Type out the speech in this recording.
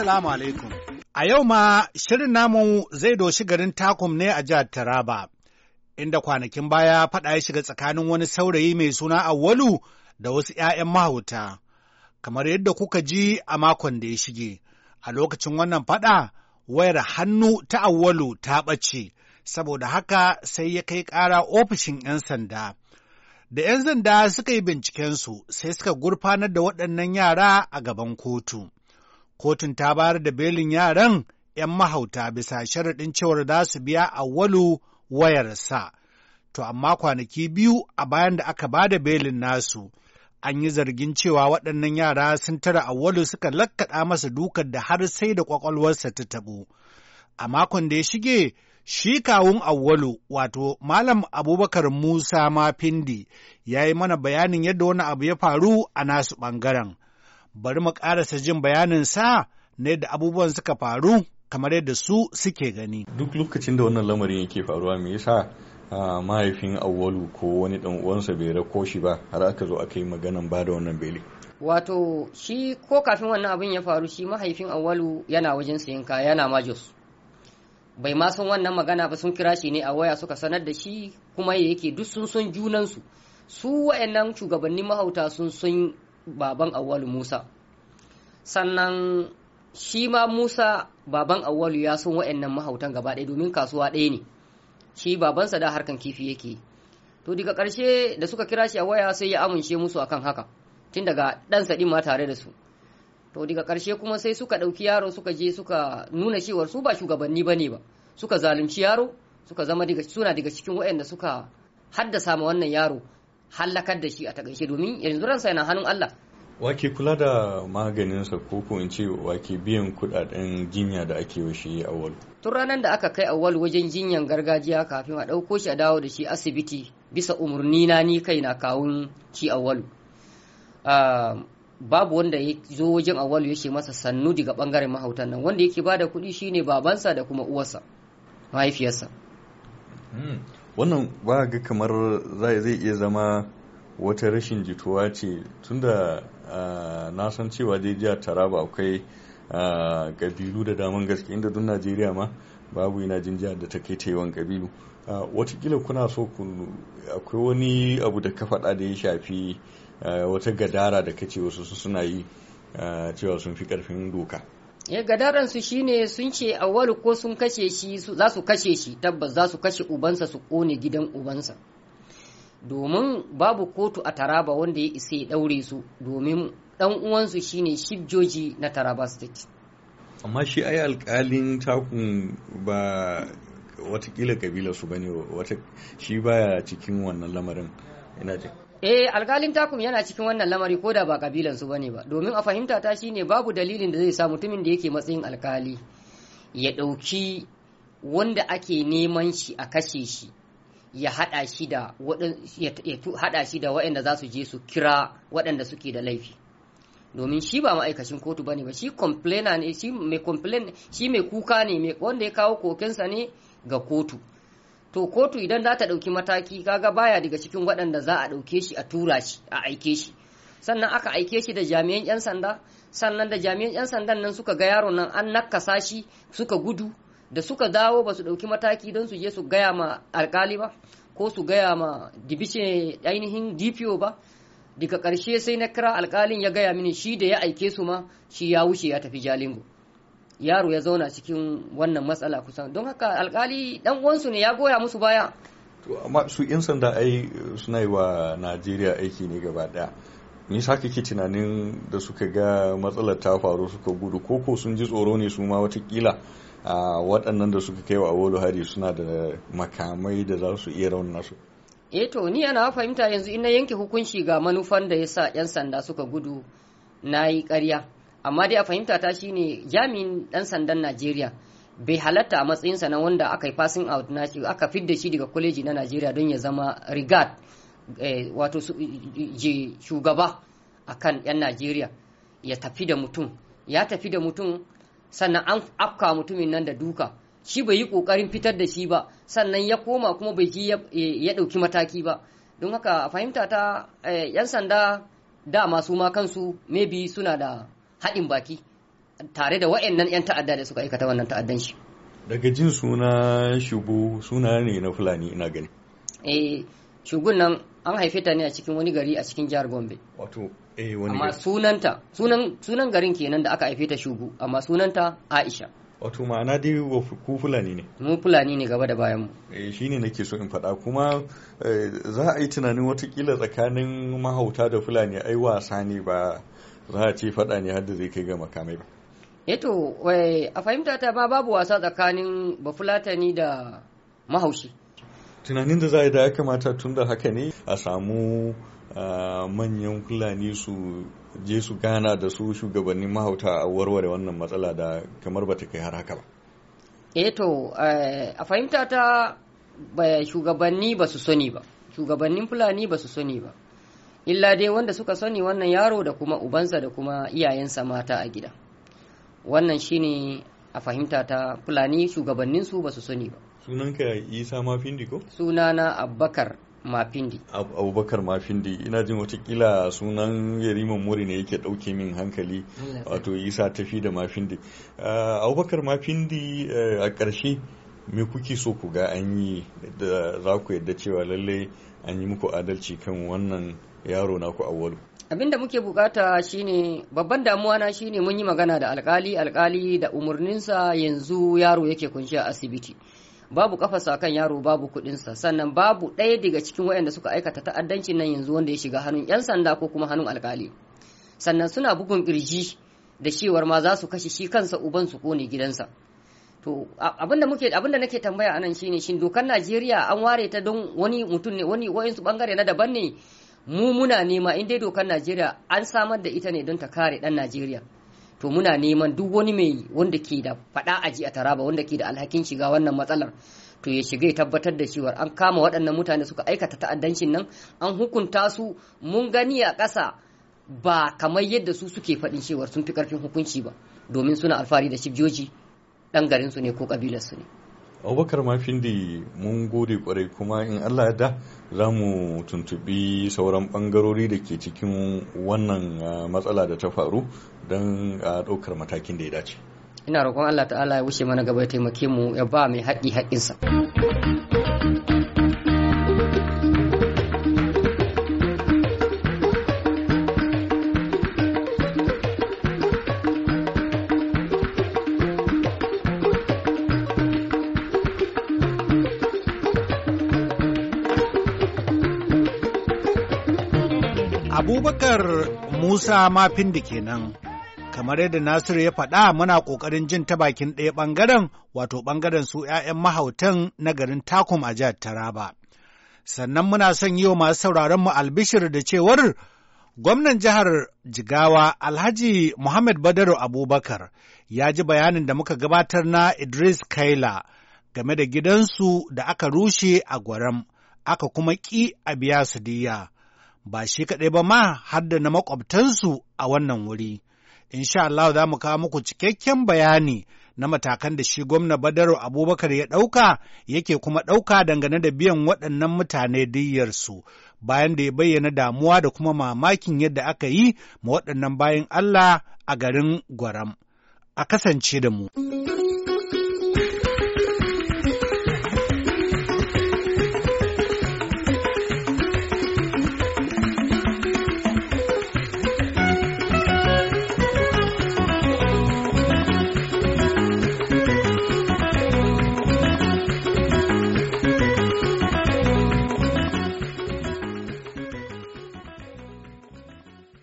Assalamu alaikum. A yau ma shirin namu zai doshi garin Takum ne a jihar Taraba, inda kwanakin baya faɗa ya shiga tsakanin wani saurayi mai suna Awwalu da wasu ‘ya'yan mahauta, kamar yadda kuka ji a makon da ya shige. A lokacin wannan faɗa, wayar hannu ta Awwalu ta ɓace, saboda haka sai ya kai ƙara ofishin ‘yan sanda. Da ‘yan sanda suka yi bincikensu sai suka gurfanar da waɗannan yara a gaban kotu. kotun ta bayar da belin yaran 'yan mahauta bisa sharaɗin cewar za su biya awwalu wayarsa. To amma kwanaki biyu a bayan da aka ba da belin nasu, an yi zargin cewa waɗannan yara sun tara walu suka lakkaɗa masa dukar da har sai da ƙwaƙwalwarsa ta taɓo. A makon da ya shige, shi kawun awwalu wato Malam Abubakar Musa Mafindi ya yi mana bayanin yadda wani abu ya faru a nasu ɓangaren. bari mu ƙarasa jin bayanin sa na yadda abubuwan suka faru kamar yadda su suke gani. Duk lokacin da wannan lamarin yake faruwa me yasa mahaifin awwalu ko wani dan uwansa bai rako shi ba har aka zo aka yi maganan ba da wannan beli. Wato shi ko kafin wannan abin ya faru shi mahaifin awwalu yana wajen sayan kaya yana majus. Bai ma san wannan magana ba sun kira shi ne a waya suka sanar da shi kuma yake duk sun son junansu. Su wayannan shugabannin mahauta sun sun baban awwalu musa sannan shi ma musa baban awwalu ya san wa'annan mahautan gaba ɗaya domin kasuwa ɗaya ne shi babansa da harkan kifi yake to daga ƙarshe da suka kira shi a waya sai ya amince musu akan haka tun daga ɗan ɗin ma tare da su to daga ƙarshe kuma sai suka ɗauki yaro suka je suka nuna cewar su ba shugabanni ba ne ba suka zalunci yaro suka zama suna daga cikin waɗanda suka haddasa ma wannan yaro hallakar da shi a takaice domin yanzu ransa yana hannun Allah wake kula da maganinsa ko ko in ce wake biyan kudaden jinya da ake wa shi awal tun ranar da aka kai awal wajen jinyan gargajiya kafin a ɗauko shi a dawo da shi asibiti bisa umarni na ni kai na kawun shi awal ah, babu wanda ya zo wajen awal ya ce masa sannu daga bangaren mahautan nan wanda yake bada kuɗi shine babansa da kuma uwarsa mahaifiyarsa hmm. wannan ba ga kamar zai iya zama wata rashin jituwa ce tunda na san cewa dai jiya taraba akwai kabilu da daman gaske inda duk najeriya ma babu yana jin jihar da ta kai ta yawan kabilu watakila kuna so ku akwai wani abu da ka faɗa da ya shafi wata gadara da kace wasu suna yi cewa sun fi ƙarfin doka Eh, gadaran su shine sun ce awwalu ko sun kashe shi za su kashe shi tabbas za su kashe ubansa su kone gidan ubansa domin babu kotu a taraba wanda ya isa ya daure su domin dan uwansu shine shibjoji na taraba state amma shi ai alkalin takun ba watakila kabila su bane wata shi baya cikin wannan lamarin ina jin eh alkalin takum yana cikin wannan lamari ko da ba kabilan su bane ba domin a fahimta ta shine babu dalilin da zai sa mutumin da yake matsayin alkali ya ɗauki wanda ake neman shi a kashe shi ya haɗa shi da waɗanda da za su je su kira waɗanda suke da laifi domin shi ba ma'aikacin kotu bane ba shi complainer ne shi mai complain shi mai kuka ne wanda ya kawo kokensa ne ga kotu to kotu idan za ta ɗauki mataki kaga baya daga cikin waɗanda za a ɗauke shi a tura shi a aike shi sannan aka aike shi da jami'an 'yan sanda sannan da jami'an 'yan sandan nan suka ga yaron nan an nakasa shi suka gudu da suka dawo ba su ɗauki mataki don su je su gaya ma alkali ba ko su gaya ma dibishin ainihin dpo ba daga ƙarshe sai na kira alkalin ya gaya mini shi da ya aike su ma shi ya wuce ya tafi jalingo yaro ya zauna cikin wannan matsala kusan don haka alkali dan uwansu ne ya goya musu baya to amma su yan sanda ai suna yi wa najeriya aiki ne gaba daya ni sa kike tunanin da suka ga matsalar ta faru suka gudu koko sun ji tsoro ne su ma watakila a waɗannan da suka kai wa abolu hari suna da makamai da za su iya raunin nasu eh to ni ana fahimta yanzu in na yanke hukunci ga manufan da ya sa 'yan sanda suka gudu na yi ƙarya amma dai a fahimta ta shine jami'in dan sandan Najeriya bai halatta a matsayinsa na wanda aka yi passing out na shi aka fidda shi daga kwaleji na Najeriya don ya zama regard eh, wato wato shugaba akan 'yan Najeriya ya tafi da mutum ya tafi da mutum sannan an afka mutumin nan da duka shi bai yi kokarin fitar da shi ba sannan ya koma kuma bai ji ya ɗauki mataki ba don haka fahimta ta 'yan eh, sanda da su ma kansu maybe suna da haɗin baki tare da wa'annan 'yan ta'adda da suka aikata wannan ta'addan shi daga jin suna shubu suna ne na fulani ina gani eh shugun nan an haife ta ne a cikin wani gari a cikin jihar gombe wato eh wani amma sunanta sunan sunan garin kenan da aka haife ta shugu amma sunanta aisha wato ma'ana dai ku fulani ne mu fulani ne gaba da bayan mu eh shine nake so in faɗa kuma eh, za a yi tunanin watakila tsakanin mahauta da fulani ai wasa ne ba za a ce faɗa ne har da zai kai ga makamai ba eto eh wai a fahimta ta ba babu wasa tsakanin bafulatani da mahaushi tunanin da za a yi da ya kamata tun da haka ne a samu manyan fulani su je su gana da su shugabannin mahauta a warware wannan matsala da kamar bata kai har haka ba eto eh eh, a fahimta ta shugabanni ba su sani ba shugabannin fulani ba su sani ba illa dai wanda suka sani wannan yaro da kuma ubansa da kuma iyayensa mata a gida wannan shine a fahimta ta fulani shugabanninsu ba su sani ba sunanka isa mafindi ko sunana Abubakar mafindi abubakar mafindi ina jin watakila sunan yariman Mori ne yake ɗauke min hankali wato isa tafi da mafindi ah, abubakar mafindi eh, a ƙarshe me kuke so ku ga an yi da za ku yadda cewa lallai an yi muku adalci kan wannan yaro na ku awwalu abinda muke bukata shine babban damuwa na shine mun yi magana da alkali alkali da umarninsa yanzu yaro yake kunshi a asibiti babu sa kan yaro babu sa sannan babu ɗaya daga cikin waɗanda suka aikata ta'addancin nan yanzu wanda ya shiga hannun 'yan sanda ko kuma hannun alkali sannan suna bugun kirji da cewar ma za su kashe shi kansa uban su kone gidansa to abinda muke abinda nake tambaya anan shine shin dokar Najeriya an ware ta don wani mutum ne wani wayansu bangare na daban ne mu muna nema in dai dokar Najeriya an samar da ita ne don ta kare dan Najeriya to muna neman duk wani mai wanda ke da fada ji a Taraba wanda ke da alhakin shiga wannan matsalar to ya shiga ya tabbatar da cewa an kama waɗannan mutane suka aikata ta'addancin nan an hukunta su mun gani a ƙasa ba kamar yadda su suke faɗin cewar sun fi ƙarfin hukunci ba domin suna alfahari da shibjoji ɗan garinsu ne ko ƙabilarsu ne abubakar mafindi mun gode kwarai kuma in allah ya da za mu tuntubi sauran bangarori da ke cikin wannan ah, matsala da ta faru don a ah, ɗaukar matakin da ya dace ina roƙon allah ta'ala ya wuce mana gaba ya taimake mu ya ba mai haƙi haƙinsa Abubakar Musa da kenan. Kamar yadda Nasiru ya faɗa muna ƙoƙarin jin ta bakin ɗaya ɓangaren wato ɓangaren su ‘ya'yan mahautan na garin Takum a jihar Taraba. Sannan muna son yi wa masu sauraron mu albishir da cewar gwamnan jihar Jigawa Alhaji Muhammad Badaru Abubakar ya ji bayanin da muka gabatar na Idris Kaila game da gidansu da aka rushe a Gwaram, aka kuma ƙi a biya su diya. ba shi kaɗai ba ma har da na maƙwabtansu a wannan wuri. sha Allah za mu kawo muku cikakken bayani na matakan da shi gwamna Badaru Abubakar ya ɗauka yake kuma ɗauka dangane da biyan waɗannan mutane diyyarsu bayan da ya bayyana damuwa da kuma mamakin yadda aka yi ma waɗannan bayan Allah a garin Gwaram. A kasance da mu.